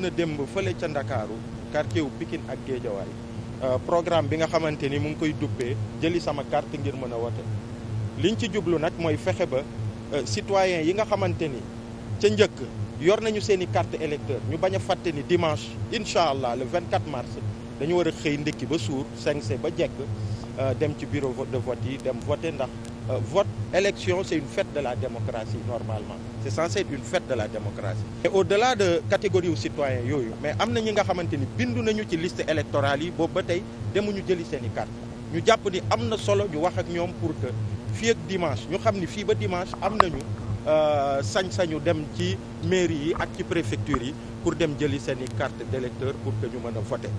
na démb fële ca Ndakaaru quartier wu Pikine ak Géejawaay euh, programme bi nga xamante ni mu ngi koy duppee jëli sama carte ngir mën a wote liñ ci jublu nag mooy fexe ba euh, citoyen yi nga xamante ni ca njëkk yor nañu seen i carte électeur ñu bañ a fàtte ni dimanche incha allah le 24 mars dañu war a xëy ndëkki ba suur sañse ba jekk euh, dem ci bureau de vote yi dem voté ndax Euh, votre élection, c'est une fête de la démocratie, normalement. C'est censé être une fête de la démocratie. Et au-delà de catégorie aux citoyens, yoyo, mais amna ñi nga xamante ni bindu nañu ci liste électorale yi boobu ba tay demu ñu jëli seeni carte. Ñu japp ni na solo ñu wax ak ñoom pour que fi ak dimanche, ñu xam ni fii ba dimanche am nañu euh, sañ-sañu dem ci mairie yi ak ci préfecture yi pour dem jëli seeni carte d'électeur pour que ñu mëna voter.